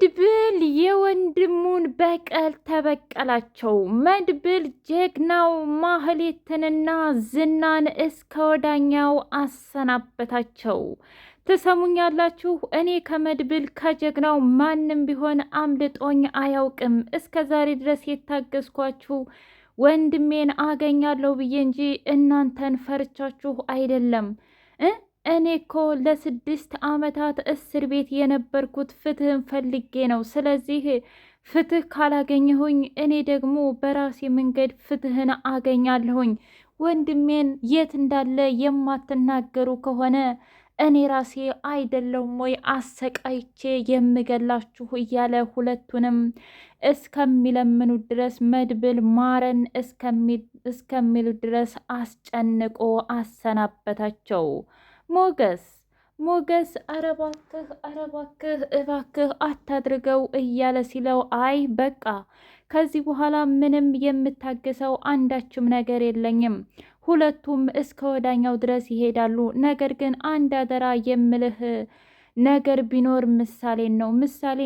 መድብል የወንድሙን በቀል ተበቀላቸው። መድብል ጀግናው ማህሌትንና ዝናን እስከ ወዳኛው አሰናበታቸው። ትሰሙኛላችሁ? እኔ ከመድብል ከጀግናው ማንም ቢሆን አምልጦኝ አያውቅም። እስከ ዛሬ ድረስ የታገዝኳችሁ ወንድሜን አገኛለሁ ብዬ እንጂ እናንተን ፈርቻችሁ አይደለም እ እኔ እኮ ለስድስት ዓመታት እስር ቤት የነበርኩት ፍትህን ፈልጌ ነው። ስለዚህ ፍትህ ካላገኘሁኝ እኔ ደግሞ በራሴ መንገድ ፍትህን አገኛለሁኝ። ወንድሜን የት እንዳለ የማትናገሩ ከሆነ እኔ ራሴ አይደለም ወይ አሰቃይቼ የምገላችሁ እያለ ሁለቱንም እስከሚለምኑ ድረስ መድብል ማረን እስከሚሉ ድረስ አስጨንቆ አሰናበታቸው። ሞገስ ሞገስ አረባክህ እባክህ ኧረ እባክህ አታድርገው እያለ ሲለው አይ በቃ ከዚህ በኋላ ምንም የምታግሰው አንዳችም ነገር የለኝም። ሁለቱም እስከ ወዳኛው ድረስ ይሄዳሉ። ነገር ግን አንድ አደራ የምልህ ነገር ቢኖር ምሳሌን ነው። ምሳሌ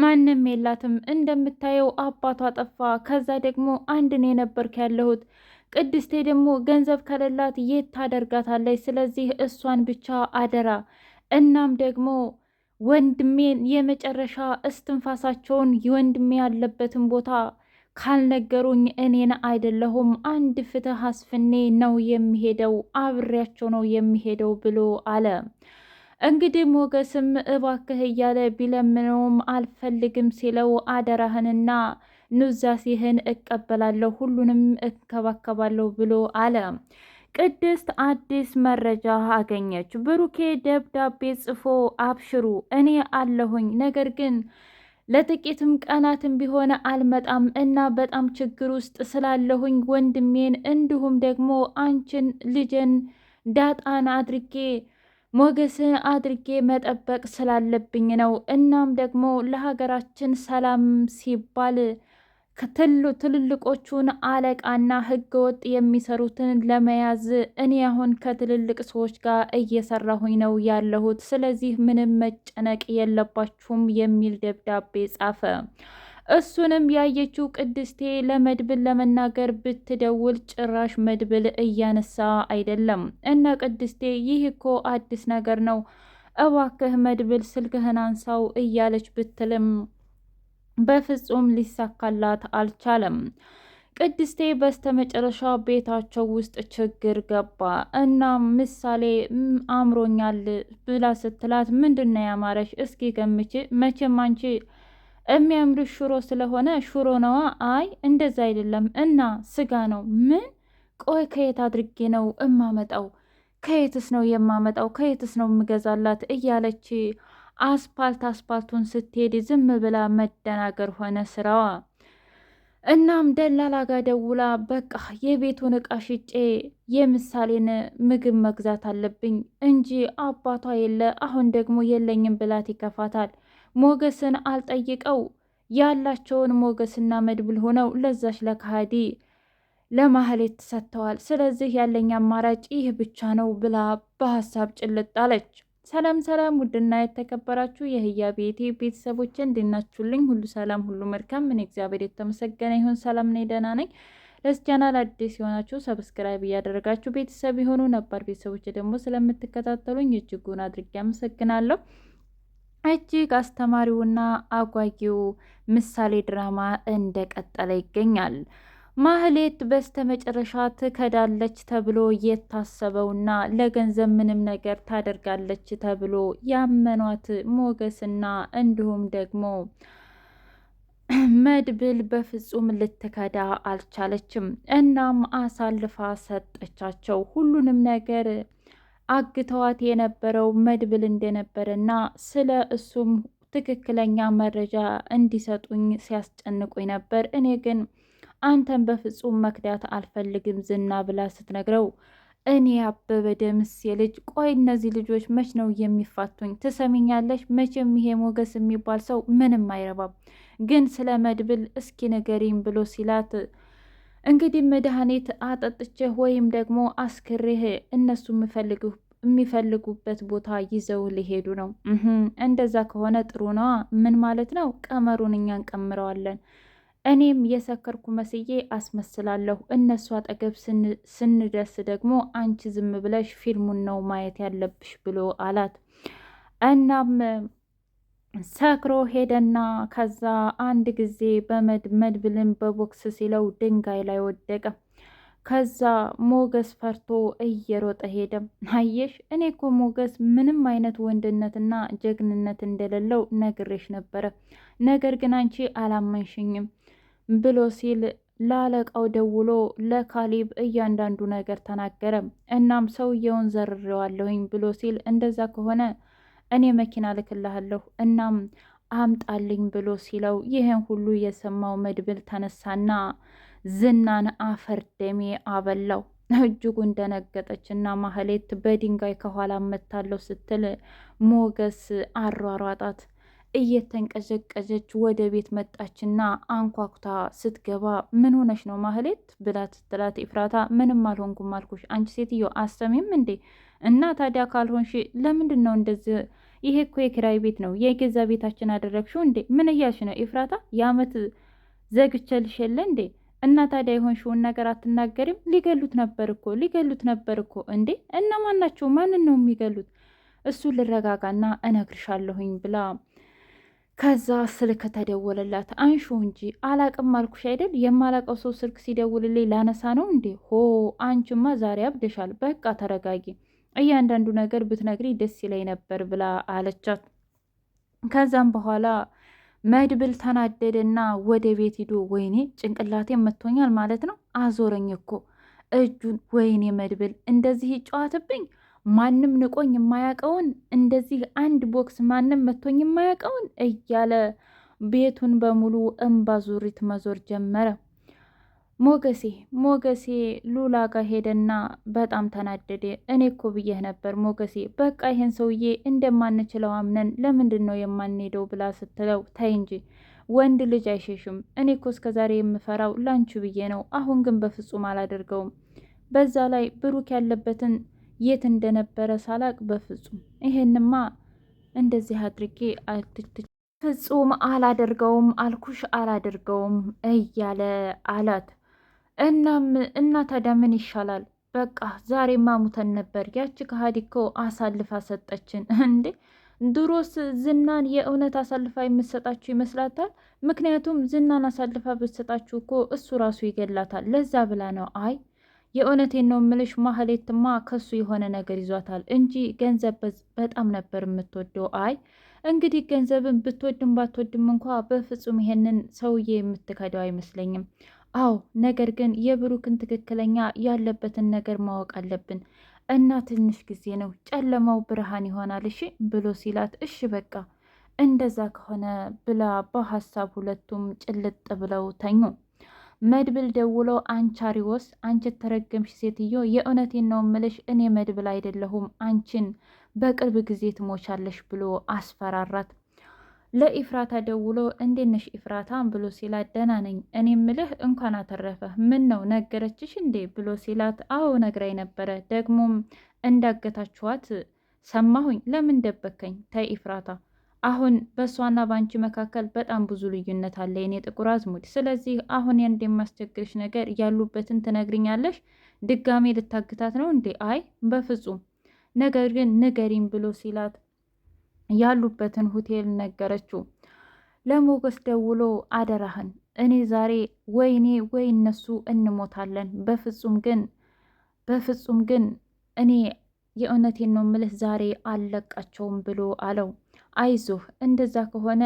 ማንም የላትም እንደምታየው አባቷ ጠፋ። ከዛ ደግሞ አንድ እኔ ነበርኩ ያለሁት ቅድስቴ ደግሞ ገንዘብ ከሌላት የት ታደርጋታለች? ስለዚህ እሷን ብቻ አደራ። እናም ደግሞ ወንድሜን የመጨረሻ እስትንፋሳቸውን ወንድሜ ያለበትን ቦታ ካልነገሩኝ እኔን አይደለሁም አንድ ፍትህ አስፍኔ ነው የሚሄደው፣ አብሬያቸው ነው የሚሄደው ብሎ አለ። እንግዲህ ሞገስም እባክህ እያለ ቢለምነውም አልፈልግም ሲለው አደራህንና ኑዛዜህን እቀበላለሁ፣ ሁሉንም እከባከባለሁ ብሎ አለ። ቅድስት አዲስ መረጃ አገኘች። ብሩኬ ደብዳቤ ጽፎ አብሽሩ እኔ አለሁኝ፣ ነገር ግን ለጥቂትም ቀናትም ቢሆነ አልመጣም እና በጣም ችግር ውስጥ ስላለሁኝ ወንድሜን እንዲሁም ደግሞ አንቺን ልጄን ዳጣን አድርጌ ሞገስን አድርጌ መጠበቅ ስላለብኝ ነው። እናም ደግሞ ለሀገራችን ሰላም ሲባል ትልልቆቹን አለቃና ህገወጥ የሚሰሩትን ለመያዝ እኔ አሁን ከትልልቅ ሰዎች ጋር እየሰራሁኝ ነው ያለሁት፣ ስለዚህ ምንም መጨነቅ የለባችሁም የሚል ደብዳቤ ጻፈ። እሱንም ያየችው ቅድስቴ ለመድብል ለመናገር ብትደውል ጭራሽ መድብል እያነሳ አይደለም። እነ ቅድስቴ ይህ እኮ አዲስ ነገር ነው፣ እባክህ መድብል ስልክህን አንሳው እያለች ብትልም በፍጹም ሊሳካላት አልቻለም። ቅድስቴ በስተመጨረሻ ቤታቸው ውስጥ ችግር ገባ እና ምሳሌ አምሮኛል ብላ ስትላት ምንድነው ያማረሽ? እስኪ ገምች። መቼም አንቺ የሚያምርሽ ሽሮ ስለሆነ ሽሮ ነዋ። አይ እንደዛ አይደለም እና ስጋ ነው። ምን? ቆይ ከየት አድርጌ ነው እማመጣው? ከየትስ ነው የማመጣው? ከየትስ ነው የምገዛላት? እያለች አስፓልት አስፓልቱን ስትሄድ ዝም ብላ መደናገር ሆነ ስራዋ። እናም ደላላ ጋ ደውላ በቃ የቤቱን እቃ ሽጬ የምሳሌን ምግብ መግዛት አለብኝ እንጂ አባቷ የለ አሁን ደግሞ የለኝም ብላት ይከፋታል። ሞገስን አልጠይቀው ያላቸውን ሞገስና መድብል ሆነው ለዛች ለካሃዲ ለማህሌት ሰጥተዋል። ስለዚህ ያለኝ አማራጭ ይህ ብቻ ነው ብላ በሀሳብ ጭልጥ አለች። ሰላም ሰላም፣ ውድና የተከበራችሁ የህያ ቤቴ ቤተሰቦች እንዲናችሁልኝ ሁሉ ሰላም፣ ሁሉ መልካም። ምን እግዚአብሔር የተመሰገነ ይሁን። ሰላም ነኝ፣ ደህና ነኝ። ለዚህ ቻናል አዲስ የሆናችሁ ሰብስክራይብ እያደረጋችሁ ቤተሰብ የሆኑ ነባር ቤተሰቦች ደግሞ ስለምትከታተሉኝ እጅጉን አድርጌ አመሰግናለሁ። እጅግ አስተማሪውና አጓጊው ምሳሌ ድራማ እንደቀጠለ ይገኛል። ማህሌት በስተመጨረሻ ትከዳለች ተብሎ የታሰበውና ለገንዘብ ምንም ነገር ታደርጋለች ተብሎ ያመኗት ሞገስና እንዲሁም ደግሞ መድብል በፍጹም ልትከዳ አልቻለችም። እናም አሳልፋ ሰጠቻቸው። ሁሉንም ነገር አግተዋት የነበረው መድብል እንደነበረና ስለ እሱም ትክክለኛ መረጃ እንዲሰጡኝ ሲያስጨንቁኝ ነበር እኔ ግን አንተን በፍጹም መክዳት አልፈልግም ዝና ብላ ስትነግረው እኔ አበበ ደምስ የልጅ ቆይ እነዚህ ልጆች መች ነው የሚፋቱኝ? ትሰሚኛለሽ? መቼም ይሄ ሞገስ የሚባል ሰው ምንም አይረባም። ግን ስለ መድብል እስኪ ንገሪኝ ብሎ ሲላት እንግዲህ መድኃኒት አጠጥቼህ ወይም ደግሞ አስክሬህ እነሱ የሚፈልጉበት ቦታ ይዘው ሊሄዱ ነው። እንደዛ ከሆነ ጥሩ ነዋ። ምን ማለት ነው? ቀመሩን እኛ እንቀምረዋለን። እኔም የሰከርኩ መስዬ አስመስላለሁ። እነሱ አጠገብ ስንደርስ ደግሞ አንቺ ዝም ብለሽ ፊልሙን ነው ማየት ያለብሽ ብሎ አላት። እናም ሰክሮ ሄደና ከዛ አንድ ጊዜ በመድ መድብልን በቦክስ ሲለው ድንጋይ ላይ ወደቀ። ከዛ ሞገስ ፈርቶ እየሮጠ ሄደ። አየሽ እኔ እኮ ሞገስ ምንም አይነት ወንድነትና ጀግንነት እንደሌለው ነግሬሽ ነበረ፣ ነገር ግን አንቺ አላመንሽኝም። ብሎ ሲል ለአለቃው ደውሎ ለካሊብ እያንዳንዱ ነገር ተናገረ። እናም ሰውየውን ዘርሬዋለሁኝ ብሎ ሲል እንደዛ ከሆነ እኔ መኪና ልክልሃለሁ እናም አምጣልኝ ብሎ ሲለው ይህን ሁሉ የሰማው መድብል ተነሳና ዝናን አፈር ደሜ አበላው። እጅጉን እንደነገጠች እና ማህሌት በድንጋይ ከኋላ መታለው ስትል ሞገስ አሯሯጣት። እየተንቀዠቀዠች ወደ ቤት መጣችና አንኳኩታ ስትገባ ምን ሆነሽ ነው ማህሌት ብላ ስትላት፣ ኤፍራታ ምንም አልሆንኩም አልኩሽ። አንቺ ሴትዮ አሰሚም እንዴ? እና ታዲያ ካልሆንሽ ለምንድን ነው እንደዚህ? ይሄ እኮ የኪራይ ቤት ነው። የገዛ ቤታችን አደረግሽው እንዴ? ምን እያልሽ ነው ኢፍራታ የአመት ዘግቸልሽ የለ እንዴ? እና ታዲያ የሆንሽውን ነገር አትናገሪም? ሊገሉት ነበር እኮ ሊገሉት ነበር እኮ እንዴ! እና ማናቸው? ማንን ነው የሚገሉት? እሱ ልረጋጋና እነግርሻለሁኝ ብላ ከዛ ስልክ ተደወለላት። አንሹ እንጂ አላቅም አልኩሽ አይደል? የማላቀው ሰው ስልክ ሲደውልልኝ ላነሳ ነው እንዴ? ሆ አንቺማ ዛሬ አብደሻል። በቃ ተረጋጊ፣ እያንዳንዱ ነገር ብትነግሪ ደስ ይለኝ ነበር ብላ አለቻት። ከዛም በኋላ መድብል ተናደደና ወደ ቤት ሂዶ ወይኔ ጭንቅላቴ መቶኛል ማለት ነው፣ አዞረኝ እኮ እጁን። ወይኔ መድብል እንደዚህ ይጨዋትብኝ ማንም ንቆኝ የማያውቀውን እንደዚህ አንድ ቦክስ ማንም መቶኝ የማያውቀውን እያለ ቤቱን በሙሉ እምባ ዙሪት መዞር ጀመረ። ሞገሴ ሞገሴ ሉላ ጋር ሄደና በጣም ተናደደ። እኔ እኮ ብዬህ ነበር ሞገሴ፣ በቃ ይሄን ሰውዬ እንደማንችለው አምነን ለምንድን ነው የማንሄደው ብላ ስትለው፣ ታይ እንጂ ወንድ ልጅ አይሸሽም። እኔ እኮ እስከዛሬ የምፈራው ላንቺ ብዬ ነው። አሁን ግን በፍጹም አላደርገውም። በዛ ላይ ብሩክ ያለበትን የት እንደነበረ ሳላቅ በፍጹም ይሄንማ እንደዚህ አድርጌ ፍጹም አላደርገውም አልኩሽ አላደርገውም እያለ አላት። እናም እና ታዲያ ምን ይሻላል? በቃ ዛሬ ማሙተን ነበር። ያቺ ከሀዲ እኮ አሳልፋ ሰጠችን እንዴ! ድሮስ ዝናን የእውነት አሳልፋ የምትሰጣችሁ ይመስላታል? ምክንያቱም ዝናን አሳልፋ ብትሰጣችሁ እኮ እሱ ራሱ ይገላታል። ለዛ ብላ ነው አይ የእውነቴን ነው ምልሽ ማህሌትማ ከሱ የሆነ ነገር ይዟታል እንጂ ገንዘብ በጣም ነበር የምትወደው። አይ እንግዲህ ገንዘብን ብትወድም ባትወድም እንኳ በፍጹም ይሄንን ሰውዬ የምትከደው አይመስለኝም። አዎ ነገር ግን የብሩክን ትክክለኛ ያለበትን ነገር ማወቅ አለብን እና ትንሽ ጊዜ ነው ጨለማው ብርሃን ይሆናል እሺ ብሎ ሲላት፣ እሺ በቃ እንደዛ ከሆነ ብላ በሀሳብ ሁለቱም ጭልጥ ብለው ተኙ። መድብል ደውሎ አንቺ አሪዎስ፣ አንቺ ተረገምሽ ሴትዮ፣ የእውነቴን ነው እምልሽ፣ እኔ መድብል አይደለሁም አንቺን በቅርብ ጊዜ ትሞቻለሽ ብሎ አስፈራራት። ለኢፍራታ ደውሎ እንዴት ነሽ ኢፍራታ ብሎ ሲላት፣ ደህና ነኝ እኔ ምልህ እንኳን አተረፈ። ምን ነው ነገረችሽ እንዴ ብሎ ሲላት፣ አዎ ነግራኝ ነበረ። ደግሞም እንዳገታችኋት ሰማሁኝ። ለምን ደበከኝ? ተይ ኢፍራታ አሁን በእሷና በአንቺ መካከል በጣም ብዙ ልዩነት አለ የኔ ጥቁር አዝሙድ። ስለዚህ አሁን ያንድ የማስቸግርሽ ነገር ያሉበትን ትነግርኛለሽ። ድጋሜ ልታግታት ነው እንዴ? አይ በፍጹም ነገር ግን ንገሪም ብሎ ሲላት ያሉበትን ሆቴል ነገረችው። ለሞገስ ደውሎ አደራህን እኔ ዛሬ ወይኔ ወይ እነሱ እንሞታለን። በፍጹም ግን በፍጹም ግን እኔ የእውነቴን ነው ምልህ ዛሬ አልለቃቸውም ብሎ አለው። አይዞህ እንደዛ ከሆነ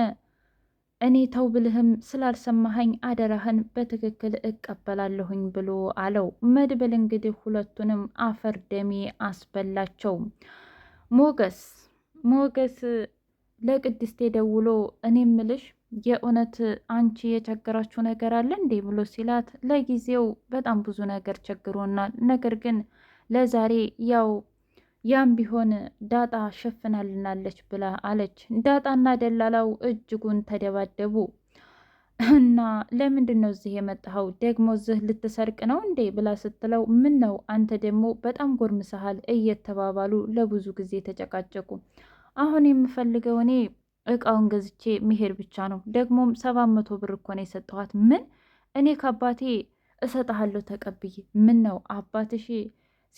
እኔ ተው ብልህም ስላልሰማኸኝ አደራህን በትክክል እቀበላለሁኝ ብሎ አለው። መድብል እንግዲህ ሁለቱንም አፈር ደሜ አስበላቸው። ሞገስ ሞገስ ለቅድስቴ ደውሎ እኔ ምልሽ የእውነት አንቺ የቸገራችሁ ነገር አለ እንዴ ብሎ ሲላት፣ ለጊዜው በጣም ብዙ ነገር ቸግሮናል፣ ነገር ግን ለዛሬ ያው ያም ቢሆን ዳጣ ሸፍናልናለች ብላ አለች። ዳጣና ደላላው እጅጉን ተደባደቡ እና ለምንድን ነው እዚህ የመጣኸው ደግሞ እዚህ ልትሰርቅ ነው እንዴ ብላ ስትለው፣ ምን ነው አንተ ደግሞ በጣም ጎርምሰሃል እየተባባሉ ለብዙ ጊዜ ተጨቃጨቁ። አሁን የምፈልገው እኔ እቃውን ገዝቼ መሄድ ብቻ ነው። ደግሞም ሰባት መቶ ብር እኮ ነው የሰጠኋት። ምን እኔ ከአባቴ እሰጥሃለሁ ተቀብዬ። ምን ነው አባትሽ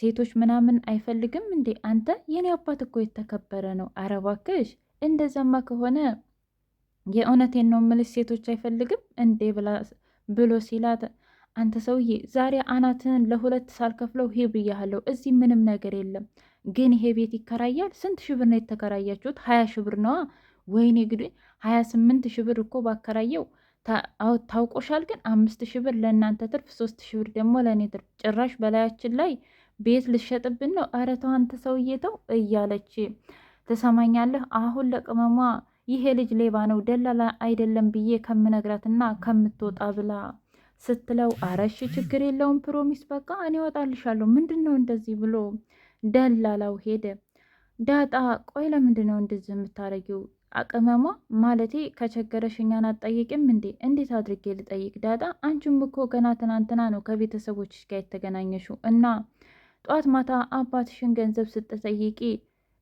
ሴቶች ምናምን አይፈልግም እንዴ? አንተ የኔ አባት እኮ የተከበረ ነው። አረ እባክሽ፣ እንደዛማ ከሆነ የእውነቴን ነው ምልስ ሴቶች አይፈልግም እንዴ ብሎ ሲላት አንተ ሰውዬ ዛሬ አናትን ለሁለት ሳልከፍለው ሂድ ብያለሁ። እዚህ ምንም ነገር የለም፣ ግን ይሄ ቤት ይከራያል። ስንት ሺህ ብር ነው የተከራያችሁት? ሀያ ሺህ ብር ነዋ። ወይኔ እንግዲህ ሀያ ስምንት ሺህ ብር እኮ ባከራየው ታውቆሻል። ግን አምስት ሺህ ብር ለእናንተ ትርፍ፣ ሶስት ሺህ ብር ደግሞ ለእኔ ትርፍ። ጭራሽ በላያችን ላይ ቤት ልሸጥብን ነው? ኧረ ተው አንተ ሰውዬ ተው እያለች ትሰማኛለህ? አሁን ለቅመሟ ይሄ ልጅ ሌባ ነው ደላላ አይደለም ብዬ ከምነግራትና ከምትወጣ ብላ ስትለው አረሽ ችግር የለውም ፕሮሚስ፣ በቃ እኔ እወጣልሻለሁ። ምንድን ነው እንደዚህ ብሎ ደላላው ሄደ። ዳጣ ቆይ ለምንድን ነው እንደዚህ የምታረጊው? አቅመሟ ማለቴ ከቸገረሽ እኛን አትጠይቅም እንዴ? እንዴት አድርጌ ልጠይቅ ዳጣ? አንቺም እኮ ገና ትናንትና ነው ከቤተሰቦችሽ ጋር የተገናኘሽው እና ጠዋት ማታ አባትሽን ገንዘብ ስትጠይቂ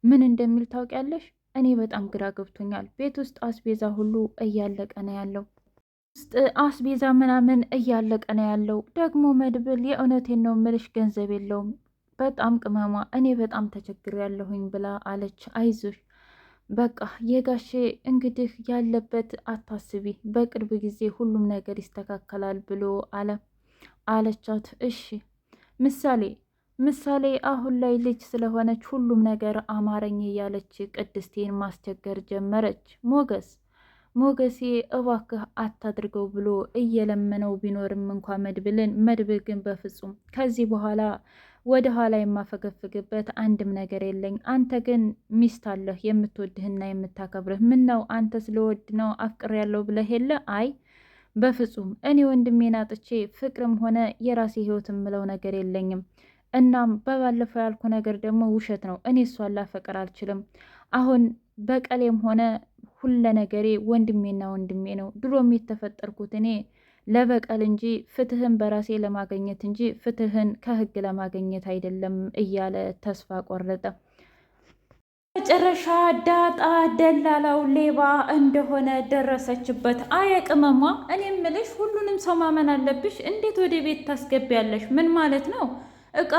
ምን እንደሚል ታውቂያለሽ? እኔ በጣም ግራ ገብቶኛል። ቤት ውስጥ አስቤዛ ሁሉ እያለቀ ነው ያለው ውስጥ አስቤዛ ምናምን እያለቀ ነው ያለው። ደግሞ መድብል የእውነቴን ነው ምልሽ ገንዘብ የለውም። በጣም ቅመሟ፣ እኔ በጣም ተቸግር ያለሁኝ ብላ አለች። አይዞሽ በቃ የጋሼ እንግዲህ ያለበት አታስቢ፣ በቅርብ ጊዜ ሁሉም ነገር ይስተካከላል ብሎ አለ አለቻት። እሺ ምሳሌ ምሳሌ አሁን ላይ ልጅ ስለሆነች ሁሉም ነገር አማረኝ እያለች ቅድስቴን ማስቸገር ጀመረች። ሞገስ ሞገሴ እባክህ አታድርገው ብሎ እየለመነው ቢኖርም እንኳ መድብልን መድብል ግን በፍጹም ከዚህ በኋላ ወደ ኋላ የማፈገፍግበት አንድም ነገር የለኝ። አንተ ግን ሚስት አለህ የምትወድህና የምታከብርህ። ምን ነው አንተ ስለወድ ነው አፍቅር ያለው ብለህ የለ? አይ በፍጹም እኔ ወንድሜን አጥቼ ፍቅርም ሆነ የራሴ ህይወት የምለው ነገር የለኝም። እናም በባለፈው ያልኩ ነገር ደግሞ ውሸት ነው። እኔ እሷን ላፈቅር አልችልም። አሁን በቀሌም ሆነ ሁለ ነገሬ ወንድሜና ወንድሜ ነው። ድሮም የተፈጠርኩት እኔ ለበቀል እንጂ ፍትህን በራሴ ለማገኘት እንጂ ፍትህን ከህግ ለማገኘት አይደለም እያለ ተስፋ ቆረጠ። መጨረሻ ዳጣ ደላላው ሌባ እንደሆነ ደረሰችበት። አየ ቅመሟ፣ እኔ ምልሽ ሁሉንም ሰው ማመን አለብሽ። እንዴት ወደ ቤት ታስገቢያለሽ? ምን ማለት ነው? እቃ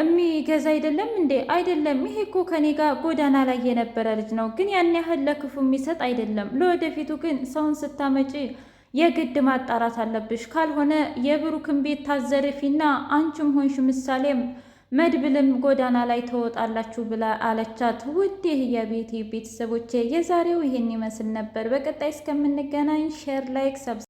የሚገዛ አይደለም እንዴ? አይደለም። ይሄ እኮ ከኔ ጋር ጎዳና ላይ የነበረ ልጅ ነው፣ ግን ያን ያህል ለክፉ የሚሰጥ አይደለም። ለወደፊቱ ግን ሰውን ስታመጪ የግድ ማጣራት አለብሽ። ካልሆነ የብሩክን ቤት ታዘርፊና አንቺም ሆንሽ ምሳሌም መድብልም ጎዳና ላይ ተወጣላችሁ ብላ አለቻት። ውድ የቤቴ ቤተሰቦቼ የዛሬው ይሄን ይመስል ነበር። በቀጣይ እስከምንገናኝ ሼር፣ ላይክ፣